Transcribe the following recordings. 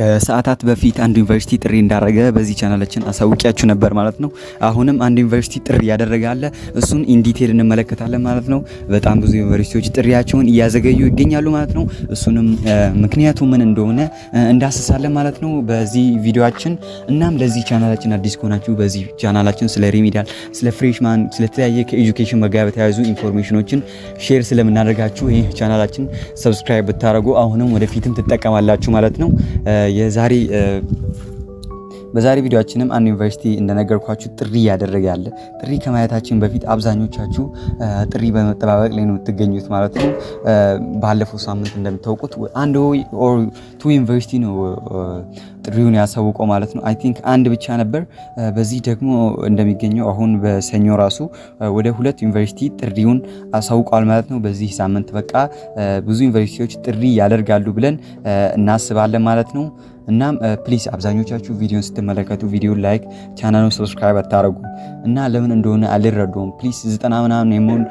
ከሰዓታት በፊት አንድ ዩኒቨርሲቲ ጥሪ እንዳረገ በዚህ ቻናላችን አሳውቂያችሁ ነበር ማለት ነው። አሁንም አንድ ዩኒቨርሲቲ ጥሪ ያደረገ አለ። እሱን ኢንዲቴል እንመለከታለን ማለት ነው። በጣም ብዙ ዩኒቨርሲቲዎች ጥሪያቸውን እያዘገዩ ይገኛሉ ማለት ነው። እሱንም ምክንያቱ ምን እንደሆነ እንዳስሳለን ማለት ነው በዚህ ቪዲዮአችን። እናም ለዚህ ቻናላችን አዲስ ከሆናችሁ በዚህ ቻናላችን ስለ ሪሚዲያል፣ ስለ ፍሬሽማን፣ ስለተለያየ ከኤጁኬሽን መጋቢያ በተያያዙ ኢንፎርሜሽኖችን ሼር ስለምናደርጋችሁ ይህ ቻናላችን ሰብስክራይብ ብታደረጉ አሁንም ወደፊትም ትጠቀማላችሁ ማለት ነው። የዛሬ በዛሬ ቪዲዮችንም አንድ ዩኒቨርሲቲ እንደነገርኳችሁ ጥሪ እያደረገ ያለ ጥሪ ከማየታችን በፊት አብዛኞቻችሁ ጥሪ በመጠባበቅ ላይ ነው የምትገኙት ማለት ነው። ባለፈው ሳምንት እንደምታውቁት አንድ ኦር ቱ ዩኒቨርሲቲ ነው ጥሪውን ያሳውቀው ማለት ነው። አይ ቲንክ አንድ ብቻ ነበር። በዚህ ደግሞ እንደሚገኘው አሁን በሰኞ ራሱ ወደ ሁለት ዩኒቨርሲቲ ጥሪውን አሳውቋል ማለት ነው። በዚህ ሳምንት በቃ ብዙ ዩኒቨርሲቲዎች ጥሪ ያደርጋሉ ብለን እናስባለን ማለት ነው። እናም ፕሊስ አብዛኞቻችሁ ቪዲዮን ስትመለከቱ ቪዲዮ ላይክ፣ ቻናሉን ሰብስክራይብ አታደረጉ እና ለምን እንደሆነ አልረዱም። ፕሊስ ዘጠና ምናምን የመሆን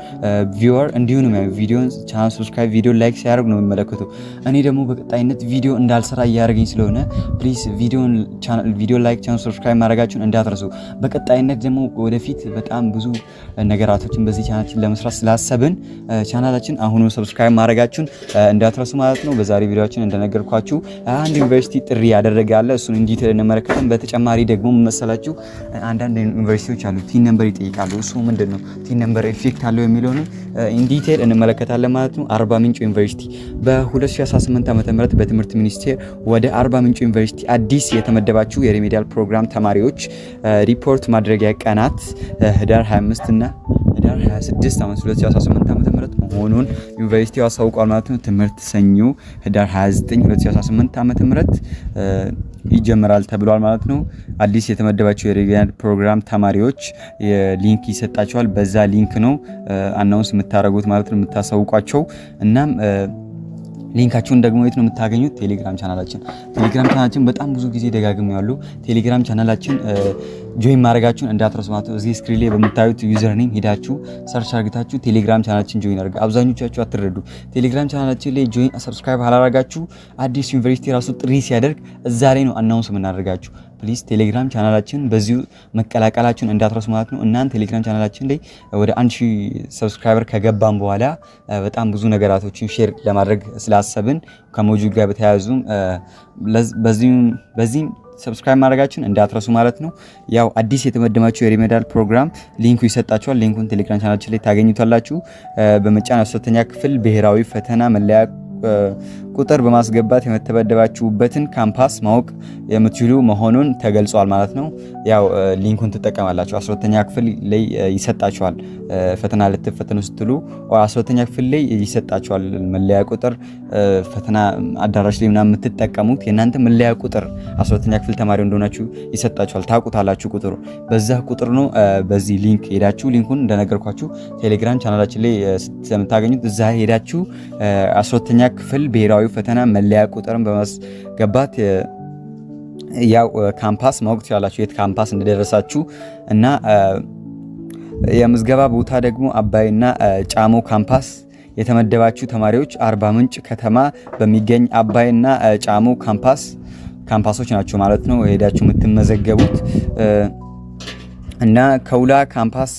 ቪወር እንዲሁን ቪዲዮን ቻናል ሰብስክራይብ ቪዲዮ ላይክ ሲያደርግ ነው የሚመለከቱ። እኔ ደግሞ በቀጣይነት ቪዲዮ እንዳልሰራ እያደረገኝ ስለሆነ ፕሊስ ቪዲዮ ላይክ፣ ቻናል ሰብስክራይብ ማድረጋችሁን እንዳትረሱ። በቀጣይነት ደግሞ ወደፊት በጣም ብዙ ነገራቶችን በዚህ ቻናችን ለመስራት ስላሰብን ቻናላችን አሁኑ ሰብስክራይብ ማድረጋችሁን እንዳትረሱ ማለት ነው። በዛሬ ቪዲዮችን እንደነገርኳችሁ አንድ ዩኒቨርሲቲ ጥሪ እያደረገ ያለ እሱን እንዲቴል እንመለከታለን። በተጨማሪ ደግሞ መሰላችሁ አንዳንድ ዩኒቨርሲቲዎች አሉ ቲን ነምበር ይጠይቃሉ። እሱ ምንድን ነው ቲን ነምበር ኢፌክት አለው የሚለውን ኢንዲቴል እንመለከታለን ማለት ነው። አርባ ምንጭ ዩኒቨርሲቲ በ2018 ዓ ም በትምህርት ሚኒስቴር ወደ አርባ ምንጭ ዩኒቨርሲቲ አዲስ የተመደባችሁ የሪሜዲያል ፕሮግራም ተማሪዎች ሪፖርት ማድረጊያ ቀናት ህዳር 25 እና ህዳር 26 ዓመት 2018 ዓ.ም መሆኑን ዩኒቨርሲቲው አሳውቋል ማለት ነው። ትምህርት ሰኞ ህዳር 29 2018 ዓ.ም ይጀምራል ተብሏል ማለት ነው። አዲስ የተመደባቸው የሬጊዮናል ፕሮግራም ተማሪዎች ሊንክ ይሰጣቸዋል። በዛ ሊንክ ነው አናውንስ የምታደርጉት ማለት ነው የምታሳውቋቸው እናም ሊንካችሁን ደግሞ የት ነው የምታገኙት? ቴሌግራም ቻናላችን። ቴሌግራም ቻናላችን በጣም ብዙ ጊዜ ደጋግመው ያሉ ቴሌግራም ቻናላችን ጆይን ማድረጋችሁን እንዳትረሱ ማለት ነው። እዚህ ስክሪን ላይ በምታዩት ዩዘር ኔም ሄዳችሁ ሰርች አርግታችሁ ቴሌግራም ቻናላችን ጆይን አድርጉ። አብዛኞቻችሁ አትረዱ። ቴሌግራም ቻናላችን ላይ ጆይን ሰብስክራይብ አላረጋችሁ አዲስ ዩኒቨርሲቲ ራሱ ጥሪ ሲያደርግ እዛ ላይ ነው አናውንስ የምናደርጋችሁ። ፕሊዝ ቴሌግራም ቻናላችን በዚሁ መቀላቀላችሁን እንዳትረሱ ማለት ነው። እናን ቴሌግራም ቻናላችን ላይ ወደ አንድ ሺህ ሰብስክራይበር ከገባም በኋላ በጣም ብዙ ነገራቶችን ሼር ለማድረግ ስላሰብን ከሞጁ ጋር በተያያዙም በዚህም ሰብስክራይብ ማድረጋችን እንዳትረሱ ማለት ነው። ያው አዲስ የተመደማችሁ የሪሜዳል ፕሮግራም ሊንኩ ይሰጣችኋል። ሊንኩን ቴሌግራም ቻናችን ላይ ታገኙታላችሁ። በመጫን ሶስተኛ ክፍል ብሔራዊ ፈተና መለያ ቁጥር በማስገባት የምትመደባችሁበትን ካምፓስ ማወቅ የምትችሉ መሆኑን ተገልጿል ማለት ነው። ያው ሊንኩን ትጠቀማላችሁ። አስራ ክፍል ላይ ይሰጣችኋል ፈተና ልትፈተኑ ስትሉ አተኛ ክፍል ላይ ይሰጣችኋል መለያ ቁጥር ፈተና አዳራሽ ላይ ምናምን የምትጠቀሙት የእናንተ መለያ ቁጥር አስራ ክፍል ተማሪ እንደሆናችሁ ይሰጣችኋል። ታውቁታላችሁ ቁጥሩ በዛ ቁጥር ነው። በዚህ ሊንክ ሄዳችሁ ሊንኩን እንደነገርኳችሁ ቴሌግራም ቻናላችን ላይ ስለምታገኙት እዛ ሄዳችሁ አስራ ክፍል ብሔራዊ የዛሬው ፈተና መለያ ቁጥርን በማስገባት ያው ካምፓስ ማወቅ ትችላላችሁ፣ የት ካምፓስ እንደደረሳችሁ እና የምዝገባ ቦታ ደግሞ አባይና ጫሞ ካምፓስ የተመደባችሁ ተማሪዎች አርባ ምንጭ ከተማ በሚገኝ አባይና ጫሞ ካምፓስ ካምፓሶች ናቸው ማለት ነው ሄዳችሁ የምትመዘገቡት እና ከውላ ካምፓስ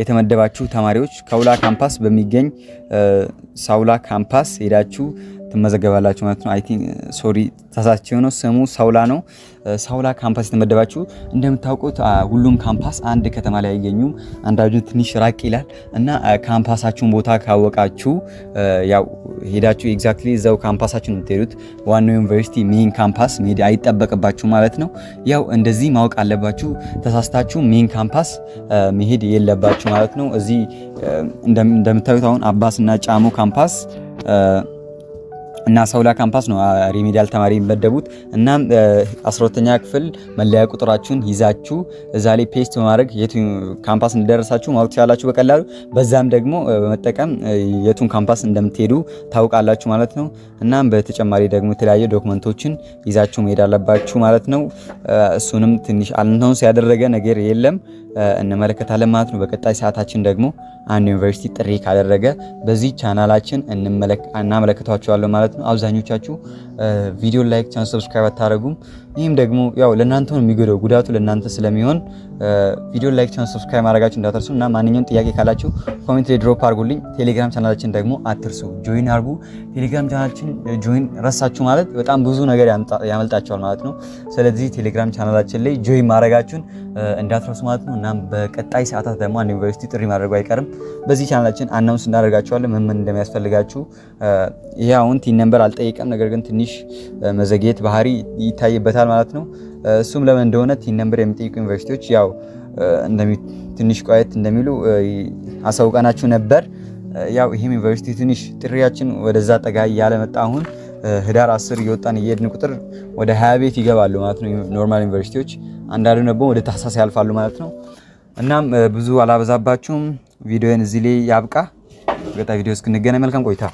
የተመደባችሁ ተማሪዎች ከውላ ካምፓስ በሚገኝ ሳውላ ካምፓስ ሄዳችሁ ትመዘገባላችሁ ማለት ነው። አይ ቲንክ ሶሪ ተሳስቼ ነው። ስሙ ሳውላ ነው። ሳውላ ካምፓስ የተመደባችሁ እንደምታውቁት ሁሉም ካምፓስ አንድ ከተማ ላይ አይገኙም። አንዳንዱ ትንሽ ራቅ ይላል እና ካምፓሳችሁን ቦታ ካወቃችሁ ያው ሄዳችሁ ኤግዛክትሊ እዛው ካምፓሳችሁን የምትሄዱት ዋናው ዩኒቨርሲቲ ሜን ካምፓስ መሄድ አይጠበቅባችሁ ማለት ነው። ያው እንደዚህ ማወቅ አለባችሁ። ተሳስታችሁ ሜን ካምፓስ መሄድ የለባችሁ ማለት ነው። እዚህ እንደምታዩት አሁን አባስና ጫሞ ካምፓስ እና ሰውላ ካምፓስ ነው ሪሚዲያል ተማሪ የሚመደቡት። እናም አስራሁለተኛ ክፍል መለያ ቁጥራችሁን ይዛችሁ እዛ ላይ ፔስት በማድረግ የቱ ካምፓስ እንደደረሳችሁ ማወቅ ትችላላችሁ በቀላሉ። በዛም ደግሞ በመጠቀም የቱን ካምፓስ እንደምትሄዱ ታውቃላችሁ ማለት ነው። እናም በተጨማሪ ደግሞ የተለያዩ ዶክመንቶችን ይዛችሁ መሄድ አለባችሁ ማለት ነው። እሱንም ትንሽ አልንተውን ያደረገ ነገር የለም እንመለከታለን ማለት ነው። በቀጣይ ሰዓታችን ደግሞ አንድ ዩኒቨርሲቲ ጥሪ ካደረገ በዚህ ቻናላችን እናመለከቷቸዋለን ማለት ነው። አብዛኞቻችሁ ቪዲዮ ላይክ፣ ቻን ሰብስክራይብ አታደረጉም። ይህም ደግሞ ያው ለእናንተ ነው የሚጎደው፣ ጉዳቱ ለእናንተ ስለሚሆን ቪዲዮ ላይክ፣ ቻን ሰብስክራይብ ማድረጋችሁ እንዳትርሱ እና ማንኛውም ጥያቄ ካላችሁ ኮሜንት ላይ ድሮፕ አድርጉልኝ። ቴሌግራም ቻናላችን ደግሞ አትርሱ፣ ጆይን አድርጉ። ቴሌግራም ቻናላችን ጆይን ረሳችሁ ማለት በጣም ብዙ ነገር ያመልጣቸዋል ማለት ነው። ስለዚህ ቴሌግራም ቻናላችን ላይ ጆይን ማድረጋችሁን እንዳትረሱ ማለት ነው። እናም በቀጣይ ሰዓታት ደግሞ አንድ ዩኒቨርሲቲ ጥሪ ማድረጉ አይቀርም። በዚህ ቻናላችን አናውንስ እናደርጋቸዋለን ምን ምን እንደሚያስፈልጋችሁ። ይህ አሁን ቲን ነንበር አልጠየቀም፣ ነገር ግን ትንሽ መዘግየት ባህሪ ይታይበታል ማለት ነው። እሱም ለምን እንደሆነ ቲን ነንበር የሚጠይቁ ዩኒቨርሲቲዎች ያው ትንሽ ቆየት እንደሚሉ አሳውቀናችሁ ነበር። ያው ይህም ዩኒቨርሲቲ ትንሽ ጥሪያችን ወደዛ ጠጋ እያለ መጣ አሁን ህዳር 10 እየወጣን እየሄድን ቁጥር ወደ 20 ቤት ይገባሉ ማለት ነው ኖርማል ዩኒቨርሲቲዎች። አንዳንዱ ደግሞ ወደ ታህሳስ ያልፋሉ ማለት ነው። እናም ብዙ አላበዛባችሁም። ቪዲዮን እዚህ ላይ ያብቃ። በቀጣይ ቪዲዮ እስክንገናኝ መልካም ቆይታ